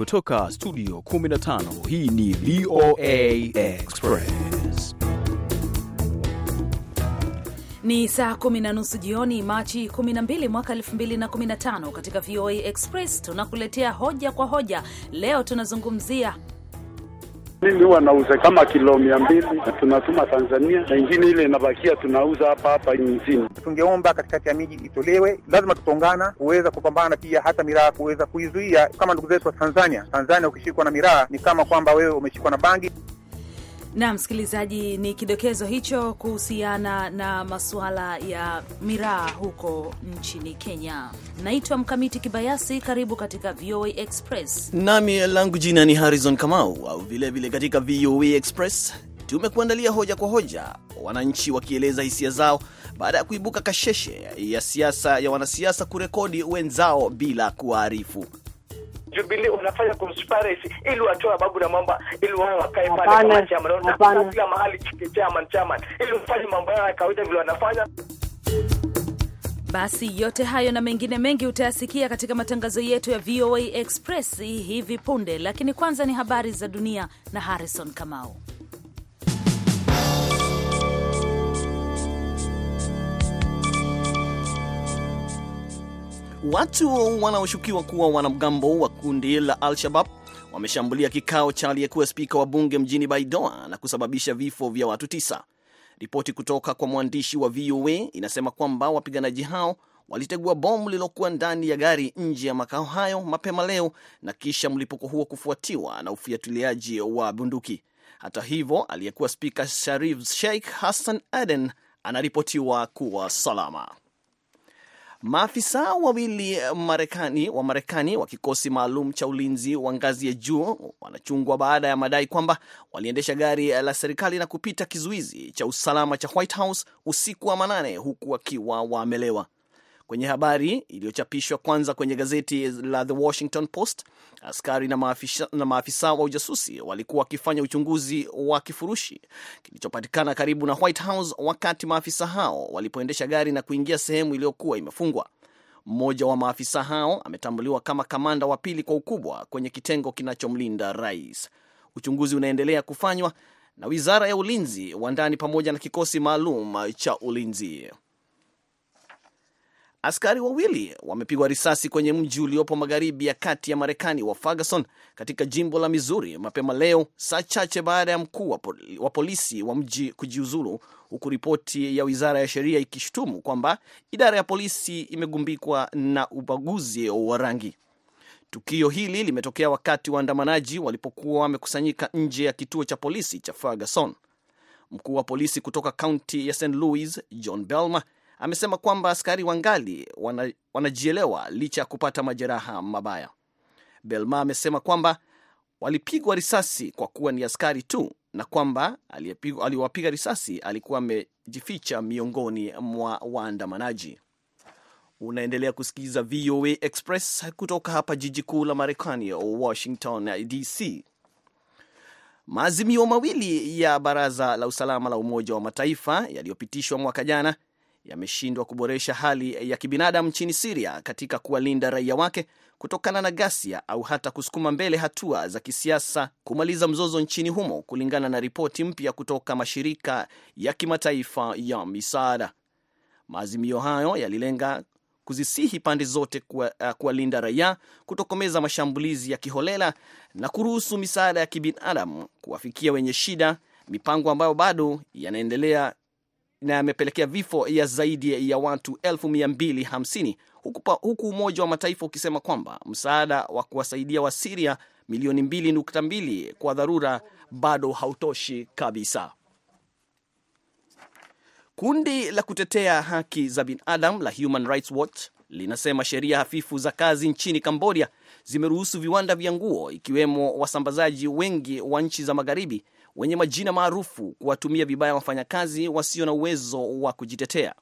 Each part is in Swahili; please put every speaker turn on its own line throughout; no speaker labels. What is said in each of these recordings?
Kutoka studio 15 hii ni VOA
Express.
Ni saa kumi na nusu jioni Machi 12 mwaka 2015. Katika VOA Express tunakuletea hoja kwa hoja. Leo tunazungumzia
mimi huwa nauza kama kilo mia mbili tunatuma Tanzania na ingine ile inabakia tunauza hapa hapa nchini.
Tungeomba katikati ya miji itolewe, lazima tutongana kuweza kupambana pia hata miraa kuweza kuizuia kama ndugu zetu wa Tanzania. Tanzania ukishikwa na miraa ni kama kwamba wewe umeshikwa na bangi.
Na msikilizaji, ni kidokezo hicho kuhusiana na masuala ya miraa huko nchini Kenya. Naitwa Mkamiti Kibayasi, karibu katika VOA Express.
Nami langu jina ni Harrison Kamau, au vilevile katika VOA Express tumekuandalia hoja kwa hoja, wananchi wakieleza hisia zao baada ya kuibuka kasheshe ya siasa ya wanasiasa kurekodi wenzao bila kuwaarifu.
Jubilee unafanya conspiracy ili watoe babu na mamba ili wao wakae pale kama chama na kila mahali chama chama, ili ufanye mambo yao ya kawaida vile wanafanya.
Basi yote hayo na mengine mengi utayasikia katika matangazo yetu ya VOA Express hivi punde, lakini kwanza ni habari za dunia na Harrison Kamau.
Watu wanaoshukiwa kuwa wanamgambo wa kundi la Al-Shabab wameshambulia kikao cha aliyekuwa spika wa bunge mjini Baidoa na kusababisha vifo vya watu tisa. Ripoti kutoka kwa mwandishi wa VOA inasema kwamba wapiganaji hao walitegua bomu lililokuwa ndani ya gari nje ya makao hayo mapema leo na kisha mlipuko huo kufuatiwa na ufiatuliaji wa bunduki. Hata hivyo, aliyekuwa spika Sharif Sheikh Hassan Aden anaripotiwa kuwa salama. Maafisa wawili eh, Marekani wa Marekani wa kikosi maalum cha ulinzi wa ngazi ya juu wanachungwa baada ya madai kwamba waliendesha gari eh, la serikali na kupita kizuizi cha usalama cha White House usiku wa manane huku wakiwa wamelewa. Kwenye habari iliyochapishwa kwanza kwenye gazeti la The Washington Post, askari na maafisa, na maafisa wa ujasusi walikuwa wakifanya uchunguzi wa kifurushi kilichopatikana karibu na White House wakati maafisa hao walipoendesha gari na kuingia sehemu iliyokuwa imefungwa. Mmoja wa maafisa hao ametambuliwa kama kamanda wa pili kwa ukubwa kwenye kitengo kinachomlinda rais. Uchunguzi unaendelea kufanywa na wizara ya ulinzi wa ndani pamoja na kikosi maalum cha ulinzi. Askari wawili wamepigwa risasi kwenye mji uliopo magharibi ya kati ya Marekani wa Ferguson katika jimbo la Missouri mapema leo, saa chache baada ya mkuu wa polisi wa mji kujiuzulu, huku ripoti ya wizara ya sheria ikishutumu kwamba idara ya polisi imegumbikwa na ubaguzi wa rangi. Tukio hili limetokea wakati waandamanaji walipokuwa wamekusanyika nje ya kituo cha polisi cha Ferguson. Mkuu wa polisi kutoka kaunti ya St Louis John Belma amesema kwamba askari wangali wana, wanajielewa licha ya kupata majeraha mabaya. Belma amesema kwamba walipigwa risasi kwa kuwa ni askari tu na kwamba aliwapiga risasi alikuwa amejificha miongoni mwa waandamanaji. Unaendelea kusikiliza VOA Express kutoka hapa jiji kuu la Marekani, Washington DC. Maazimio mawili ya Baraza la Usalama la Umoja wa Mataifa yaliyopitishwa mwaka jana yameshindwa kuboresha hali ya kibinadamu nchini Siria katika kuwalinda raia wake kutokana na ghasia au hata kusukuma mbele hatua za kisiasa kumaliza mzozo nchini humo, kulingana na ripoti mpya kutoka mashirika ya kimataifa ya misaada. Maazimio hayo yalilenga kuzisihi pande zote eh, kuwalinda uh, raia, kutokomeza mashambulizi ya kiholela na kuruhusu misaada ya kibinadamu kuwafikia wenye shida, mipango ambayo bado yanaendelea na yamepelekea vifo ya zaidi ya watu 250 huku, huku Umoja wa Mataifa ukisema kwamba msaada wa kuwasaidia Wasiria milioni 2.2 kwa dharura bado hautoshi kabisa. Kundi la kutetea haki za binadamu la Human Rights Watch linasema sheria hafifu za kazi nchini Kambodia zimeruhusu viwanda vya nguo ikiwemo wasambazaji wengi wa nchi za magharibi wenye majina maarufu kuwatumia vibaya wafanyakazi wasio na uwezo wa kujitetea.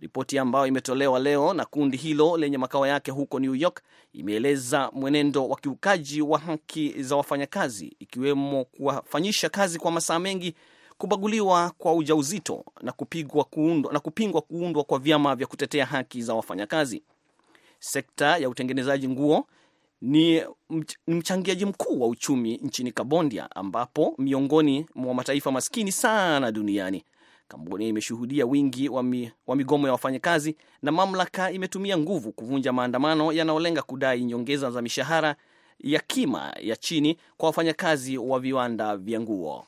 Ripoti ambayo imetolewa leo na kundi hilo lenye makao yake huko New York imeeleza mwenendo wa kiukaji wa haki za wafanyakazi, ikiwemo kuwafanyisha kazi kwa masaa mengi, kubaguliwa kwa ujauzito na kupigwa kuundwa, na kupingwa kuundwa kwa vyama vya kutetea haki za wafanyakazi. Sekta ya utengenezaji nguo ni mchangiaji mkuu wa uchumi nchini Kambodia, ambapo miongoni mwa mataifa maskini sana duniani. Kambodia imeshuhudia wingi wa, mi, wa migomo ya wafanyakazi na mamlaka imetumia nguvu kuvunja maandamano yanayolenga kudai nyongeza za mishahara ya kima ya chini kwa wafanyakazi wa viwanda vya nguo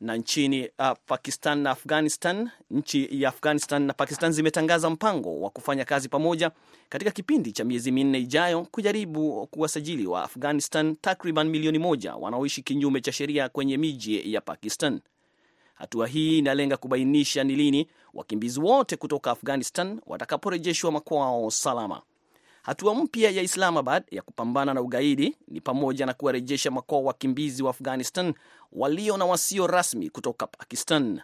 na nchini uh, Pakistan na Afghanistan. Nchi ya Afghanistan na Pakistan zimetangaza mpango wa kufanya kazi pamoja katika kipindi cha miezi minne ijayo kujaribu kuwasajili wa Afghanistan takriban milioni moja wanaoishi kinyume cha sheria kwenye miji ya Pakistan. Hatua hii inalenga kubainisha ni lini wakimbizi wote kutoka Afghanistan watakaporejeshwa makwao salama. Hatua mpya ya Islamabad ya kupambana na ugaidi ni pamoja na kuwarejesha makwao wakimbizi wa Afghanistan walio na wasio rasmi kutoka Pakistan.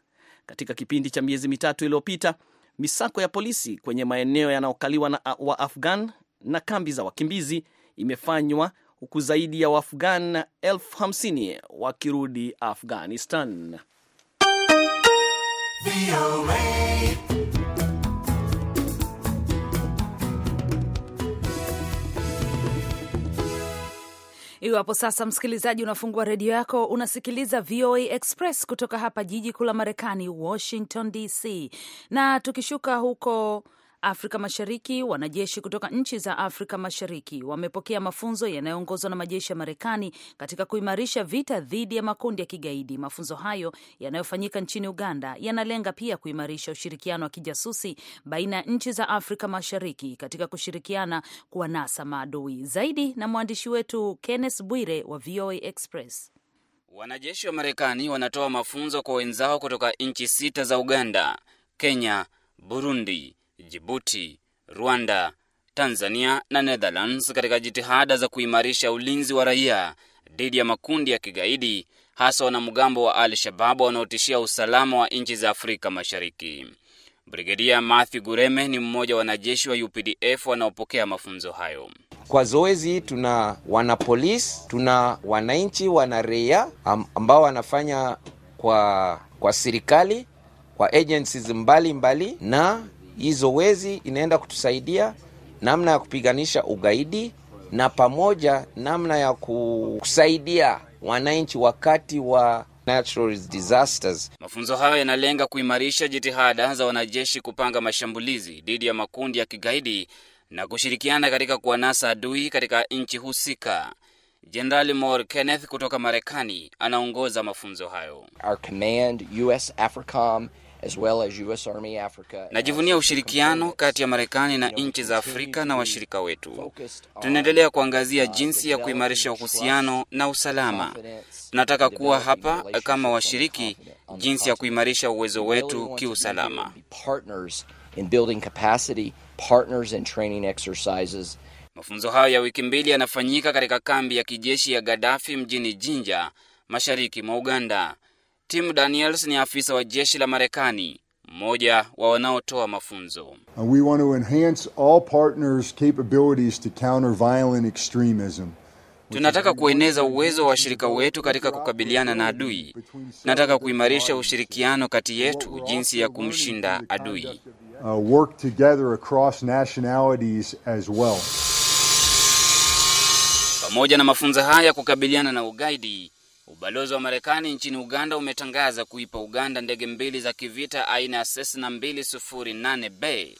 Katika kipindi cha miezi mitatu iliyopita, misako ya polisi kwenye maeneo yanayokaliwa na Waafghan na kambi za wakimbizi imefanywa huku zaidi ya Waafghan elfu hamsini wakirudi Afghanistan.
Iwapo sasa msikilizaji unafungua redio yako, unasikiliza VOA Express kutoka hapa jiji kuu la Marekani, Washington DC, na tukishuka huko Afrika Mashariki. Wanajeshi kutoka nchi za Afrika Mashariki wamepokea mafunzo yanayoongozwa na majeshi ya Marekani katika kuimarisha vita dhidi ya makundi ya kigaidi. Mafunzo hayo yanayofanyika nchini Uganda yanalenga pia kuimarisha ushirikiano wa kijasusi baina ya nchi za Afrika Mashariki katika kushirikiana kuwanasa maadui. Zaidi na mwandishi wetu Kenneth Bwire wa VOA Express.
Wanajeshi wa Marekani wanatoa mafunzo kwa wenzao kutoka nchi sita za Uganda, Kenya, Burundi, Jibuti, Rwanda, Tanzania na Netherlands katika jitihada za kuimarisha ulinzi wa raia dhidi ya makundi ya kigaidi hasa wanamgambo wa al shabab wanaotishia usalama wa nchi za Afrika Mashariki. Brigedia Mathi Gureme ni mmoja wa wanajeshi wa UPDF wanaopokea mafunzo hayo.
Kwa zoezi tuna wanapolisi, tuna wananchi, wana raia ambao wanafanya kwa, kwa serikali, kwa agencies mbalimbali mbali, na hii zoezi inaenda kutusaidia namna ya kupiganisha ugaidi na pamoja namna ya kusaidia wananchi wakati wa natural disasters.
Mafunzo hayo yanalenga kuimarisha jitihada za wanajeshi kupanga mashambulizi dhidi ya makundi ya kigaidi na kushirikiana katika kuwanasa adui katika nchi husika. Jenerali mor Kenneth kutoka Marekani anaongoza mafunzo
hayo. Our command, US AFRICOM as well as US Army Africa. Najivunia
ushirikiano kati ya Marekani na nchi za Afrika na washirika wetu. Tunaendelea kuangazia uh, jinsi ya kuimarisha uhusiano na usalama. Tunataka kuwa hapa kama washiriki, jinsi ya kuimarisha uwezo wetu kiusalama. Mafunzo hayo ya wiki mbili yanafanyika katika kambi ya kijeshi ya Gaddafi mjini Jinja, mashariki mwa Uganda. Tim Daniels ni afisa wa jeshi la Marekani, mmoja wa wanaotoa mafunzo.
Uh, we want to enhance all partners capabilities to counter violent extremism.
Tunataka kueneza uwezo wa washirika wetu katika kukabiliana na adui. Nataka kuimarisha ushirikiano kati yetu jinsi ya kumshinda adui. Uh,
work together across nationalities as well.
Pamoja na mafunzo haya kukabiliana na ugaidi, Ubalozi wa Marekani nchini Uganda umetangaza kuipa Uganda ndege mbili za kivita aina ya Cessna 208B.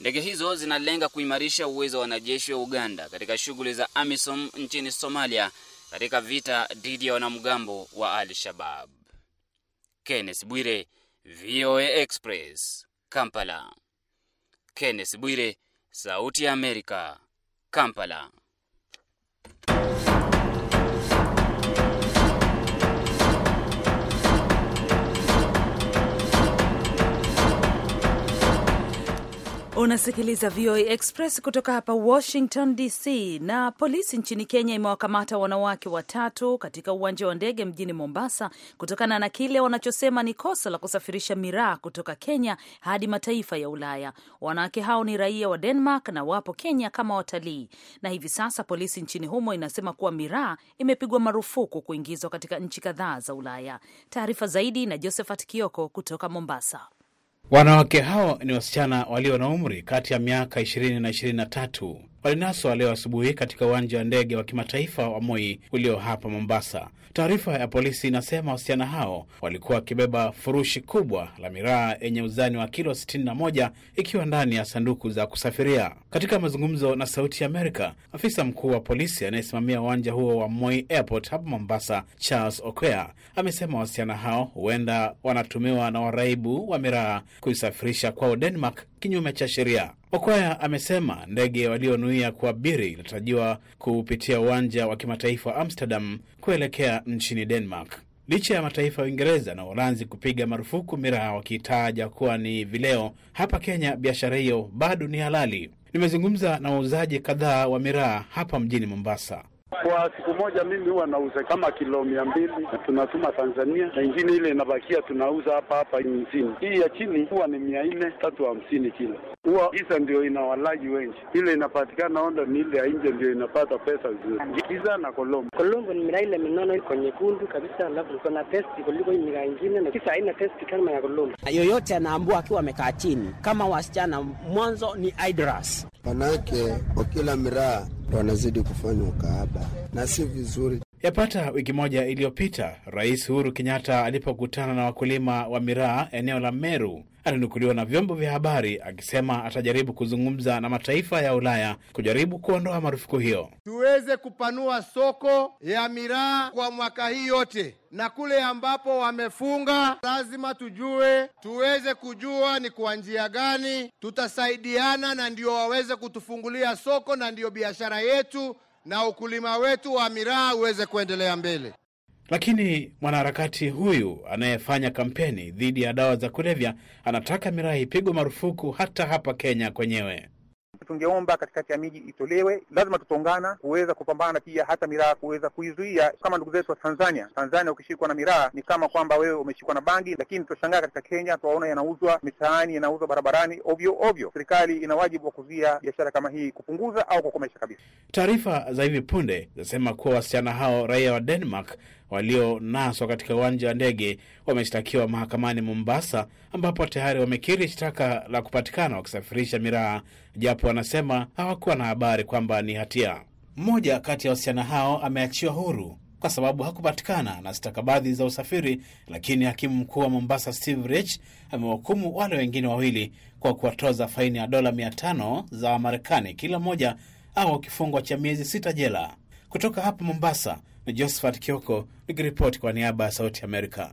Ndege hizo zinalenga kuimarisha uwezo wa wanajeshi wa Uganda katika shughuli za AMISOM nchini Somalia katika vita dhidi ya wanamgambo wa Al-Shabab. Kenneth Bwire, VOA Express, Kampala. Kenneth Bwire, Sauti ya Amerika, Kampala.
Unasikiliza VOA Express kutoka hapa Washington DC. Na polisi nchini Kenya imewakamata wanawake watatu katika uwanja wa ndege mjini Mombasa kutokana na kile wanachosema ni kosa la kusafirisha miraa kutoka Kenya hadi mataifa ya Ulaya. Wanawake hao ni raia wa Denmark na wapo Kenya kama watalii, na hivi sasa polisi nchini humo inasema kuwa miraa imepigwa marufuku kuingizwa katika nchi kadhaa za Ulaya. Taarifa zaidi na Josephat Kioko kutoka Mombasa.
Wanawake hao ni wasichana walio na umri kati ya miaka 20 na 23. Walinaswa leo asubuhi katika uwanja wa ndege wa kimataifa wa Moi ulio hapa Mombasa Taarifa ya polisi inasema wasichana hao walikuwa wakibeba furushi kubwa la miraa yenye uzani wa kilo 61 ikiwa ndani ya sanduku za kusafiria. Katika mazungumzo na Sauti ya Amerika, afisa mkuu wa polisi anayesimamia uwanja huo wa Moi Airport hapa Mombasa, Charles Okwea, amesema wasichana hao huenda wanatumiwa na waraibu wa miraa kuisafirisha kwao Denmark kinyume cha sheria. Okwaya amesema ndege walionuia kuabiri inatarajiwa kupitia uwanja wa kimataifa wa Amsterdam kuelekea nchini Denmark. Licha ya mataifa ya Uingereza na Uholanzi kupiga marufuku miraa wakiitaja kuwa ni vileo, hapa Kenya biashara hiyo bado ni halali. Nimezungumza na wauzaji kadhaa wa miraa hapa mjini Mombasa.
Kwa siku moja mimi huwa nauza kama kilo mia mbili na tunatuma Tanzania, na ingine ile inabakia tunauza hapa hapa nchini. Hii ya chini huwa ni mia nne tatu hamsini kilo. Huwa giza ndio walaji wengi, ile inapatikana onda ni ile ya nje ndio inapata pesa nzuri.
Giza na kolombo, kolombo ni miraa ile minono iko nyekundu kabisa, alafu iko na testi kuliko
hii ingine, na kisa haina testi kama ya kolombo.
Yoyote anaambua akiwa amekaa chini, kama wasichana
mwanzo ni idras manake kwa kila miraa ndo wanazidi kufanya ukahaba na si vizuri. Yapata wiki moja iliyopita, Rais Uhuru Kenyatta alipokutana na wakulima wa miraa eneo la Meru, alinukuliwa na vyombo vya habari akisema atajaribu kuzungumza na mataifa ya Ulaya kujaribu kuondoa marufuku hiyo,
tuweze kupanua soko ya miraa kwa mwaka hii yote, na kule ambapo wamefunga lazima tujue, tuweze kujua ni kwa njia gani tutasaidiana, na ndio waweze kutufungulia soko, na ndiyo biashara yetu na ukulima wetu wa miraa uweze kuendelea mbele.
Lakini mwanaharakati huyu anayefanya kampeni dhidi ya dawa za kulevya anataka miraa ipigwe marufuku hata hapa Kenya kwenyewe
tungeomba katikati ya miji itolewe. Lazima tutaungana kuweza kupambana pia hata miraa kuweza kuizuia, kama ndugu zetu wa Tanzania. Tanzania ukishikwa na miraa ni kama kwamba wewe umeshikwa na bangi, lakini tutashangaa katika Kenya tuwaona yanauzwa mitaani, yanauzwa barabarani ovyo ovyo. Serikali ina wajibu wa kuzuia biashara kama hii, kupunguza au kukomesha kabisa.
Taarifa za hivi punde zinasema kuwa wasichana hao raia wa Denmark walionaswa katika uwanja wa ndege wameshtakiwa mahakamani Mombasa, ambapo tayari wamekiri shtaka la kupatikana wakisafirisha miraa, japo wanasema hawakuwa na habari kwamba ni hatia. Mmoja kati ya wasichana hao ameachiwa huru kwa sababu hakupatikana na stakabadhi za usafiri, lakini hakimu mkuu wa Mombasa Steve Rich amewahukumu wale wengine wawili kwa kuwatoza faini ya dola 500 za Wamarekani kila mmoja au kifungo cha miezi sita jela. Kutoka hapa Mombasa, ni Josephat Kioko nikiripoti kwa niaba ya Sauti Amerika.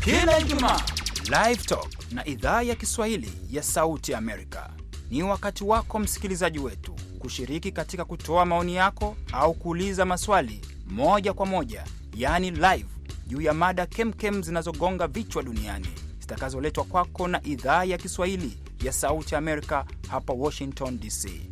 Kila
Ijumaa Live Talk na idhaa ya Kiswahili ya Sauti Amerika ni wakati wako msikilizaji wetu kushiriki katika kutoa maoni yako au kuuliza maswali moja kwa moja, yaani live, juu ya mada kemkem zinazogonga vichwa duniani zitakazoletwa kwako na idhaa ya Kiswahili ya Sauti Amerika hapa Washington DC.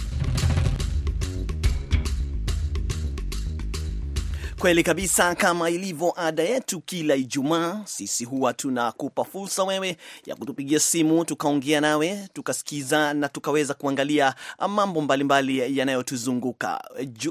Kweli kabisa, kama ilivyo ada yetu kila Ijumaa, sisi huwa tunakupa fursa wewe ya kutupigia simu tukaongea nawe tukasikiza na tukaweza kuangalia mambo mbalimbali yanayotuzunguka.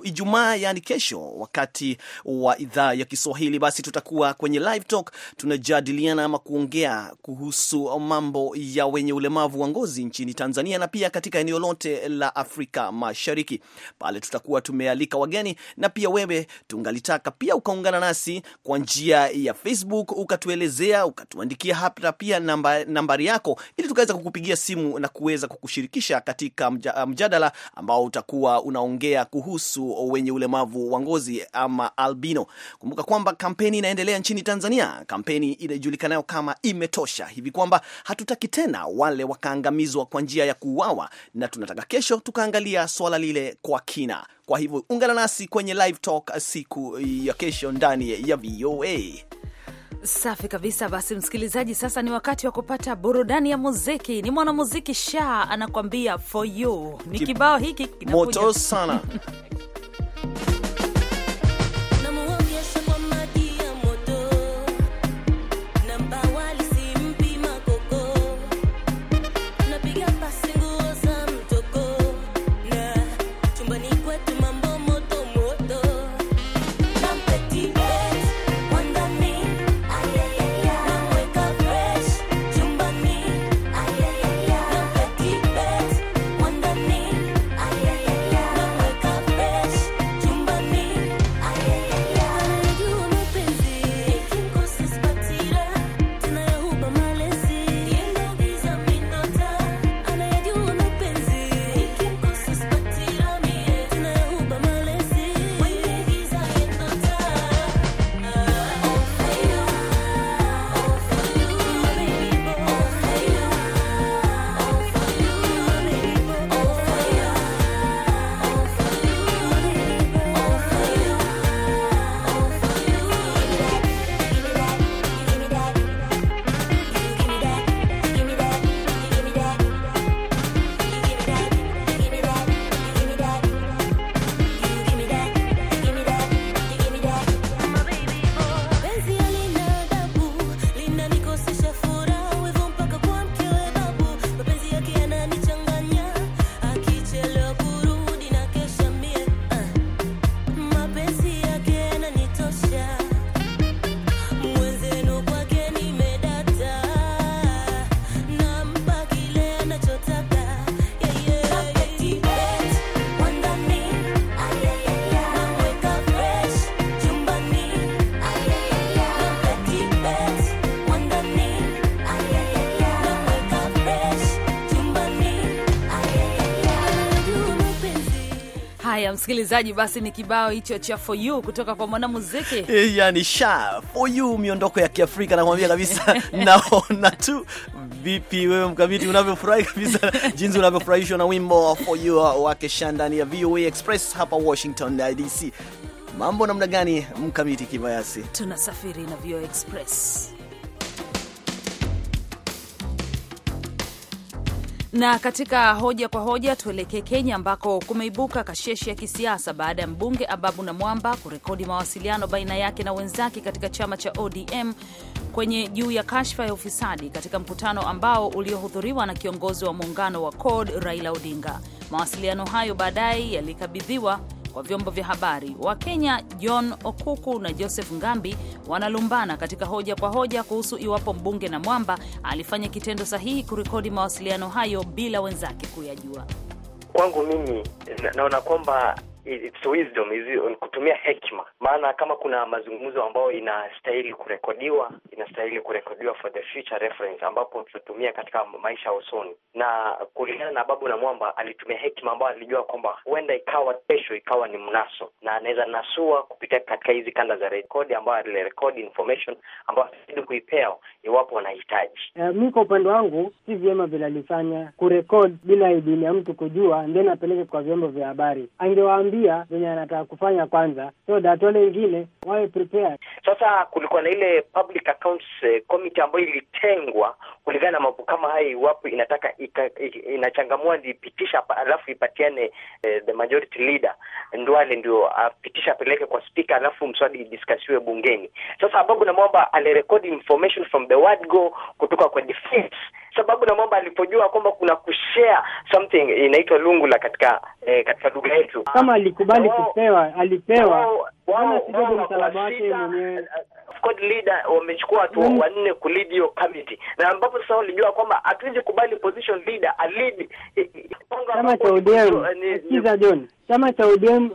Ijumaa yani kesho, wakati wa idhaa ya Kiswahili, basi tutakuwa kwenye live talk, tunajadiliana ama kuongea kuhusu mambo ya wenye ulemavu wa ngozi nchini Tanzania na pia katika eneo lote la Afrika Mashariki. Pale tutakuwa tumealika wageni na pia wewe tungalitaka unataka pia ukaungana nasi kwa njia ya Facebook, ukatuelezea ukatuandikia hapa pia namba, nambari yako ili tukaweza kukupigia simu na kuweza kukushirikisha katika mjadala ambao utakuwa unaongea kuhusu wenye ulemavu wa ngozi ama albino. Kumbuka kwamba kampeni inaendelea nchini Tanzania, kampeni inajulikanayo kama Imetosha, hivi kwamba hatutaki tena wale wakaangamizwa kwa njia ya kuuawa, na tunataka kesho tukaangalia swala lile kwa kina. Kwa hivyo ungana nasi kwenye live talk siku ya kesho ndani ya VOA.
Safi kabisa. Basi msikilizaji, sasa ni wakati wa kupata burudani ya muziki. Ni mwanamuziki sha anakuambia for you, ni kibao hiki moto sana msikilizaji, basi ni kibao hicho cha for you kutoka kwa mwanamuziki
eh, yani sha for you, miondoko ya Kiafrika nakwambia kabisa. Naona tu vipi wewe mkamiti unavyofurahi kabisa jinsi unavyofurahishwa na wimbo for you wake sha ndani ya VOA Express hapa Washington DC. Mambo namna gani mkamiti kibayasi,
tunasafiri na VOA Express Na katika hoja kwa hoja tuelekee Kenya ambako kumeibuka kasheshi ya kisiasa baada ya mbunge Ababu Namwamba kurekodi mawasiliano baina yake na wenzake katika chama cha ODM kwenye juu ya kashfa ya ufisadi katika mkutano ambao uliohudhuriwa na kiongozi wa muungano wa CORD Raila Odinga. Mawasiliano hayo baadaye yalikabidhiwa kwa vyombo vya habari. Wakenya John Okuku na Joseph Ngambi wanalumbana katika hoja kwa hoja kuhusu iwapo mbunge na mwamba alifanya kitendo sahihi kurekodi mawasiliano hayo bila wenzake kuyajua.
Kwangu mimi naona kwamba it's wisdom is kutumia hekima, maana kama kuna mazungumzo ambayo inastahili kurekodiwa, inastahili kurekodiwa for the future reference, ambapo tutatumia katika maisha ya usoni. Na kulingana na Babu na Mwamba, alitumia hekima ambayo alijua kwamba huenda ikawa kesho ikawa ni mnaso, na anaweza nasua kupitia katika hizi kanda za rekodi ambayo alirekodi information ambayo atazidi kuipea iwapo wanahitaji.
Uh, eh, mi kwa upande wangu si vyema vile alifanya bila idini ya mtu kujua, ndio apeleke kwa vyombo vya habari angewaambia kuwaambia venye anataka kufanya kwanza, so that wale wengine wawe prepared.
Sasa kulikuwa na ile public accounts eh, committee ambayo ilitengwa kulingana na mambo kama haya, iwapo inataka inachangamua ndiipitisha, alafu ipatiane eh, the majority leader Ndwale ndio apitisha apeleke kwa speaker alafu mswadi idiskasiwe bungeni. Sasa Ababu namwomba alirekodi information from the word go kutoka kwa defense sababu Namwamba alipojua kwamba kuna kushare something inaitwa lungula katika eh, katika lugha yetu, kama
alikubali wow, kupewa alipewa
wow. Wow. Wow. msalaba wake mwenyewe squad leader wamechukua watu mm. Yaani- wanne kulidi hiyo committee, na ambapo sasa walijua kwamba hatuwezi kubali position leader alidi chama cha ODM. Eh, Sikiza
John, chama cha ODM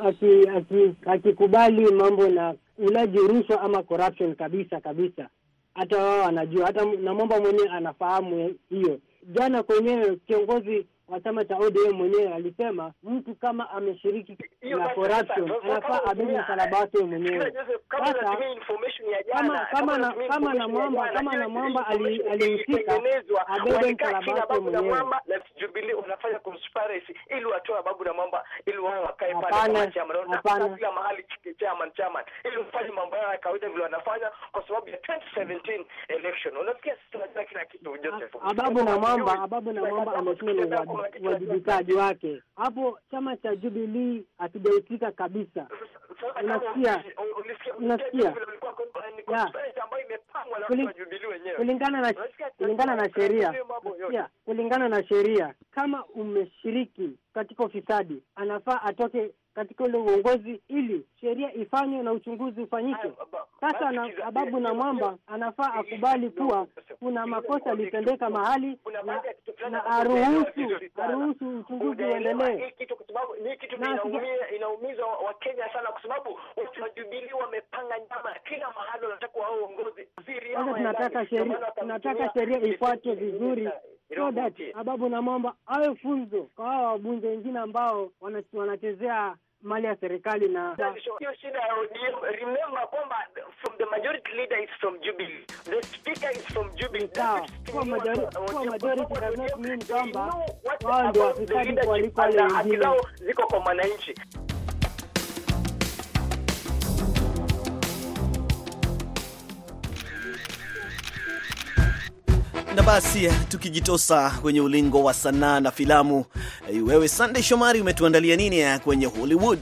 akikubali aki, aki mambo na ulaji rushwa ama corruption kabisa kabisa hata wao wanajua, hata na Momba mwenyewe anafahamu hiyo. Jana kwenyewe kiongozi wa chama cha ODM mwenyewe alisema mtu kama ameshiriki na corruption anafaa abebe msalaba wake mwenyewe.
Sasa kama na mwamba kama na mwamba alihusika, abebe msalaba wake mwenyewe. Unafanya conspiracy ili watoe babu na mwamba, ili wao wakae pale mahali, ili ufanye mambo yao kawaida vile wanafanya, kwa sababu ya 2017 election. Unasikia kitu, Joseph, ababu na mwamba, ababu na
mwamba uwajibikaji wake. Hapo chama cha Jubilee hakijahusika kabisa. Unasikia,
unasikia kulingana na kulingana na sheria,
kulingana na sheria, kama umeshiriki katika ufisadi, anafaa atoke katika ule uongozi ili sheria ifanywe na uchunguzi ufanyike. Sasa na sababu na Mwamba anafaa akubali kuwa kuna makosa yalitendeka mahali
na, na aruhusu aruhusu uchunguzi uendelee. Hii kitu inaumiza Wakenya sana, kwa sababu watu Jubilee wamepanga nyama kila mahali, wanataka wao uongozi. Sasa tunataka sheria tunataka sheria
ifuatwe vizuri so that Ababu na Mwamba awe funzo kwa hawa wabunge wengine ambao wanachezea mali ya serikali na
hiyo shida ya ODM. Remember kwamba from the majority leader is from Jubilee, the speaker is from Jubilee. kwamba wao ndio ziko kwa mwananchi.
basi tukijitosa kwenye ulingo wa sanaa na filamu, wewe Sunday Shomari umetuandalia nini kwenye Hollywood?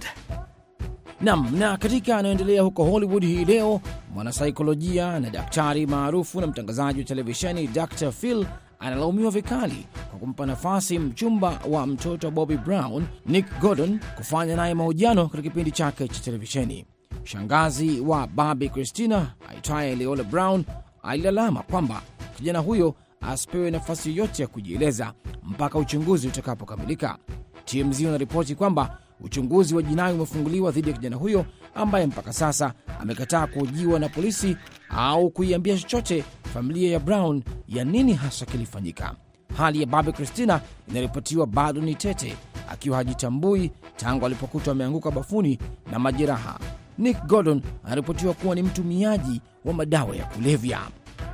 Nam, na katika anayoendelea huko Hollywood hii leo, mwanasaikolojia na daktari maarufu na mtangazaji wa televisheni Dr Phil analaumiwa vikali kwa kumpa nafasi mchumba wa mtoto Bobby Brown, Nick Gordon, kufanya naye mahojiano katika kipindi chake cha televisheni. Shangazi wa Bobby Christina aitwaye Leola Brown alilalama kwamba kijana huyo asipewe nafasi yoyote ya kujieleza mpaka uchunguzi utakapokamilika. TMZ wanaripoti kwamba uchunguzi wa jinai umefunguliwa dhidi ya kijana huyo ambaye mpaka sasa amekataa kuhojiwa na polisi au kuiambia chochote familia ya Brown ya nini hasa kilifanyika. Hali ya Babe Christina inaripotiwa bado ni tete, akiwa hajitambui tangu alipokutwa ameanguka bafuni na majeraha. Nick Gordon anaripotiwa kuwa ni mtumiaji wa madawa ya kulevya.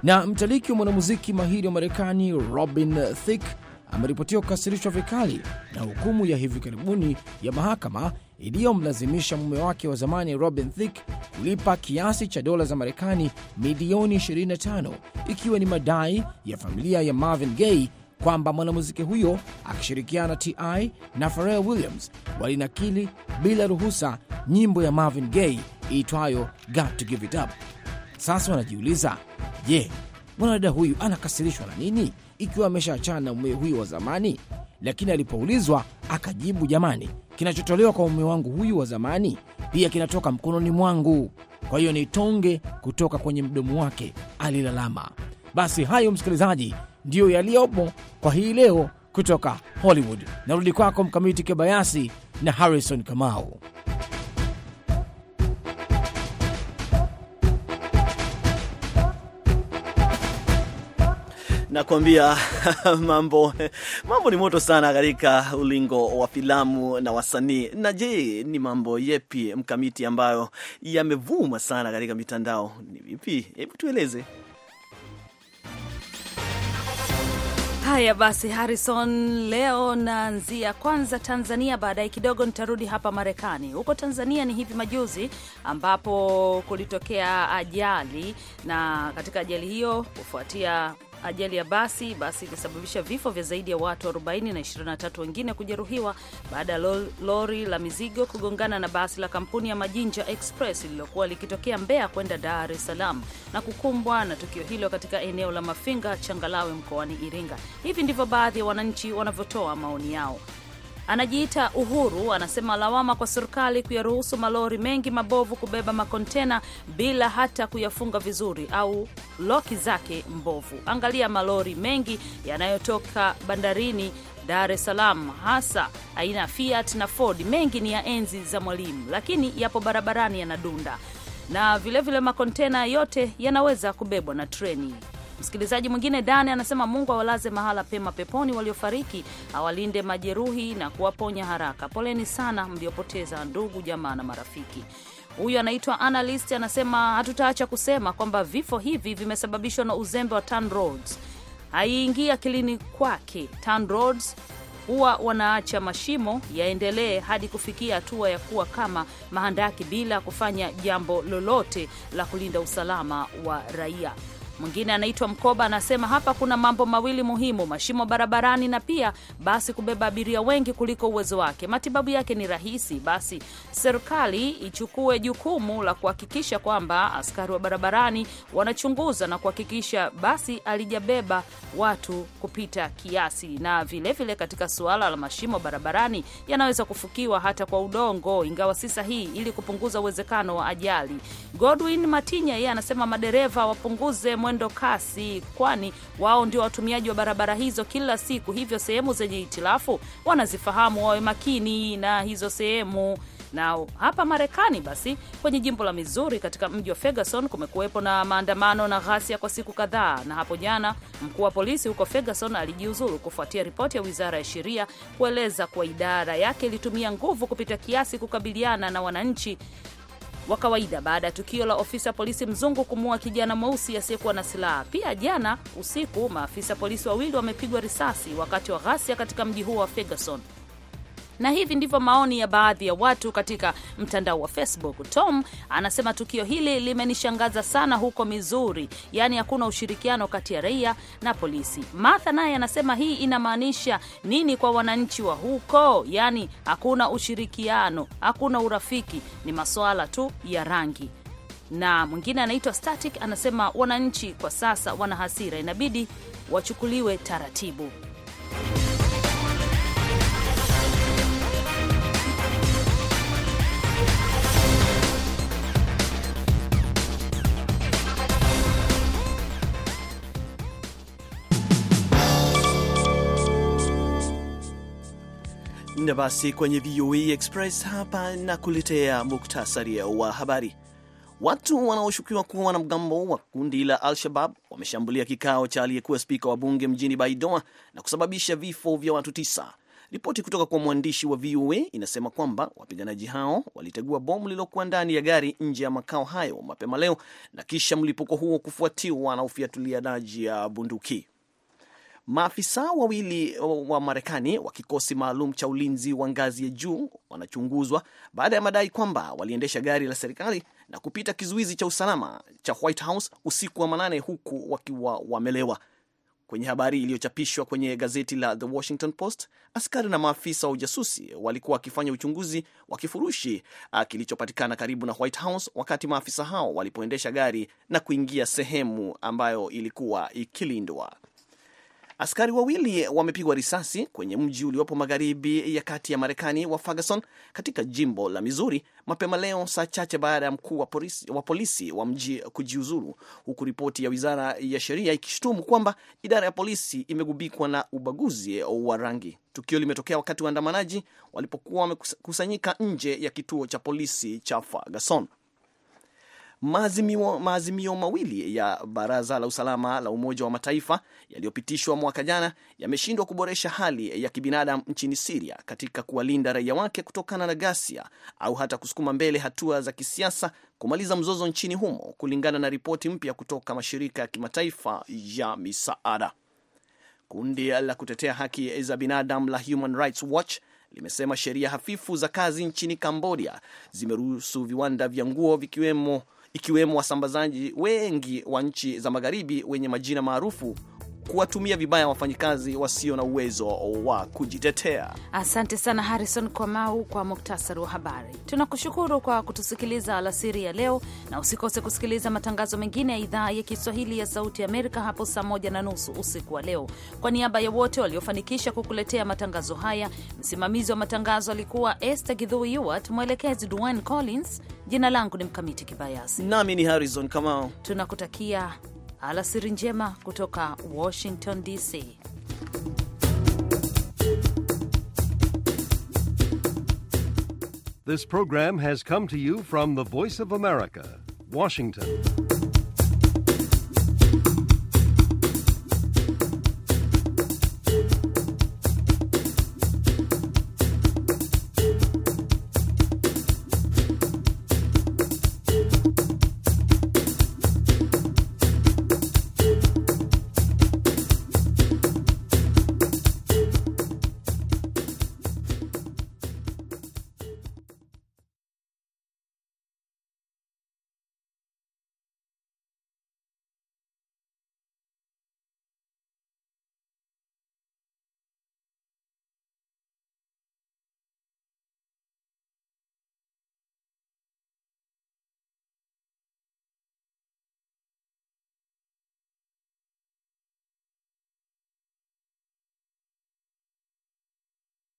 Na mtaliki wa mwanamuziki mahiri wa Marekani Robin thick ameripotiwa kukasirishwa vikali na hukumu ya hivi karibuni ya mahakama iliyomlazimisha mume wake wa zamani Robin thick kulipa kiasi cha dola za Marekani milioni 25 ikiwa ni madai ya familia ya Marvin Gaye kwamba mwanamuziki huyo akishirikiana Ti na Pharrell Williams walinakili bila ruhusa nyimbo ya Marvin Gaye iitwayo Got to Give It Up sasa wanajiuliza, je, mwanadada huyu anakasirishwa na nini ikiwa ameshaachana na mume huyu wa zamani? Lakini alipoulizwa akajibu, jamani, kinachotolewa kwa mume wangu huyu wa zamani pia kinatoka mkononi mwangu. Kwa hiyo ni tonge kutoka kwenye mdomo wake, alilalama. Basi hayo, msikilizaji, ndiyo yaliyopo kwa hii leo kutoka Hollywood. Narudi kwako Mkamiti Kibayasi na Harrison Kamau.
nakwambia mambo mambo ni moto sana katika ulingo wa filamu na wasanii. Na je, ni mambo yepi mkamiti ambayo yamevuma sana katika mitandao ni vipi? Hebu tueleze.
Haya basi, Harrison, leo naanzia kwanza Tanzania, baadaye kidogo nitarudi hapa Marekani. Huko Tanzania ni hivi majuzi ambapo kulitokea ajali, na katika ajali hiyo kufuatia Ajali ya basi basi ilisababisha vifo vya zaidi ya watu 40 na 23 wengine kujeruhiwa baada ya lori la mizigo kugongana na basi la kampuni ya Majinja Express lililokuwa likitokea Mbeya kwenda Dar es Salaam na kukumbwa na tukio hilo katika eneo la Mafinga, Changalawe, mkoani Iringa. Hivi ndivyo baadhi ya wananchi wanavyotoa maoni yao anajiita Uhuru anasema lawama kwa serikali kuyaruhusu malori mengi mabovu kubeba makontena bila hata kuyafunga vizuri au loki zake mbovu. Angalia malori mengi yanayotoka bandarini Dar es Salaam hasa aina ya Fiat na Ford, mengi ni ya enzi za Mwalimu, lakini yapo barabarani yanadunda, na vilevile vile makontena yote yanaweza kubebwa na treni. Msikilizaji mwingine Dani anasema Mungu awalaze mahala pema peponi waliofariki, awalinde majeruhi na kuwaponya haraka. Poleni sana mliopoteza ndugu, jamaa na marafiki. Huyu anaitwa Analyst anasema hatutaacha kusema kwamba vifo hivi vimesababishwa na uzembe wa TANROADS. Haiingia akilini kwake TANROADS huwa wanaacha mashimo yaendelee hadi kufikia hatua ya kuwa kama mahandaki bila kufanya jambo lolote la kulinda usalama wa raia. Mwingine anaitwa Mkoba, anasema hapa kuna mambo mawili muhimu, mashimo barabarani na pia basi kubeba abiria wengi kuliko uwezo wake. Matibabu yake ni rahisi, basi serikali ichukue jukumu la kuhakikisha kwamba askari wa barabarani wanachunguza na kuhakikisha basi alijabeba watu kupita kiasi. Na vilevile vile katika suala la mashimo barabarani yanaweza kufukiwa hata kwa udongo, ingawa si sahihi, ili kupunguza uwezekano wa ajali. Godwin Matinya yeye anasema madereva wapunguze mwendo kasi, kwani wao ndio watumiaji wa barabara hizo kila siku. Hivyo sehemu zenye hitilafu wanazifahamu, wawe makini na hizo sehemu na hapa Marekani basi, kwenye jimbo la Mizuri katika mji wa Ferguson kumekuwepo na maandamano na ghasia kwa siku kadhaa, na hapo jana mkuu wa polisi huko Ferguson alijiuzulu kufuatia ripoti ya wizara ya sheria kueleza kuwa idara yake ilitumia nguvu kupita kiasi kukabiliana na wananchi wa kawaida baada ya tukio la ofisa polisi mzungu kumuua kijana mweusi asiyekuwa na silaha. Pia jana usiku maafisa polisi wawili wamepigwa risasi wakati wa ghasia katika mji huo wa Ferguson. Na hivi ndivyo maoni ya baadhi ya watu katika mtandao wa Facebook. Tom anasema tukio hili limenishangaza sana huko mizuri yaani hakuna ushirikiano kati ya raia na polisi. Martha naye anasema hii inamaanisha nini kwa wananchi wa huko? Yaani hakuna ushirikiano, hakuna urafiki, ni masuala tu ya rangi na mwingine anaitwa Static anasema wananchi kwa sasa wana hasira, inabidi wachukuliwe taratibu.
na basi kwenye VOA e Express hapa na kuletea muktasari wa habari. Watu wanaoshukiwa kuwa wanamgambo wa kundi la Al-Shabab wameshambulia kikao cha aliyekuwa spika wa bunge mjini Baidoa na kusababisha vifo vya watu tisa. Ripoti kutoka kwa mwandishi wa VOA e inasema kwamba wapiganaji hao walitegua bomu lililokuwa ndani ya gari nje ya makao hayo mapema leo na kisha mlipuko huo kufuatiwa na ufiatulianaji ya bunduki. Maafisa wawili wa Marekani wa kikosi maalum cha ulinzi wa ngazi ya juu wanachunguzwa baada ya madai kwamba waliendesha gari la serikali na kupita kizuizi cha usalama cha White House usiku wa manane huku wakiwa wamelewa. Kwenye habari iliyochapishwa kwenye gazeti la The Washington Post, askari na maafisa wa ujasusi walikuwa wakifanya uchunguzi wa kifurushi ah, kilichopatikana karibu na White House wakati maafisa hao walipoendesha gari na kuingia sehemu ambayo ilikuwa ikilindwa. Askari wawili wamepigwa risasi kwenye mji uliopo magharibi ya kati ya Marekani wa Ferguson katika jimbo la Mizuri mapema leo, saa chache baada ya mkuu wa polisi wa, polisi wa mji kujiuzuru, huku ripoti ya wizara ya sheria ikishutumu kwamba idara ya polisi imegubikwa na ubaguzi wa rangi. Tukio limetokea wakati waandamanaji walipokuwa wamekusanyika nje ya kituo cha polisi cha Ferguson maazimio, maazimio mawili ya Baraza la Usalama la Umoja wa Mataifa yaliyopitishwa mwaka jana yameshindwa kuboresha hali ya kibinadamu nchini Siria katika kuwalinda raia wake kutokana na ghasia au hata kusukuma mbele hatua za kisiasa kumaliza mzozo nchini humo, kulingana na ripoti mpya kutoka mashirika ya kimataifa ya misaada. Kundi la kutetea haki za binadamu la Human Rights Watch limesema sheria hafifu za kazi nchini cambodia zimeruhusu viwanda vya nguo vikiwemo ikiwemo wasambazaji wengi wa nchi za magharibi wenye majina maarufu kuwatumia vibaya wafanyikazi wasio na uwezo wa kujitetea.
Asante sana Harrison Kamau kwa muktasari wa habari. Tunakushukuru kwa kutusikiliza alasiri ya leo, na usikose kusikiliza matangazo mengine ya idhaa ya Kiswahili ya Sauti Amerika hapo saa moja na nusu usiku wa leo. Kwa niaba ya wote waliofanikisha kukuletea matangazo haya, msimamizi wa matangazo alikuwa Esther Gidhui mwelekezi Duane Collins. Jina langu ni Mkamiti Kibayasi
nami ni Harrison Kamau,
tunakutakia Alasiri njema kutoka Washington DC. This program has come to you from the Voice of America, Washington.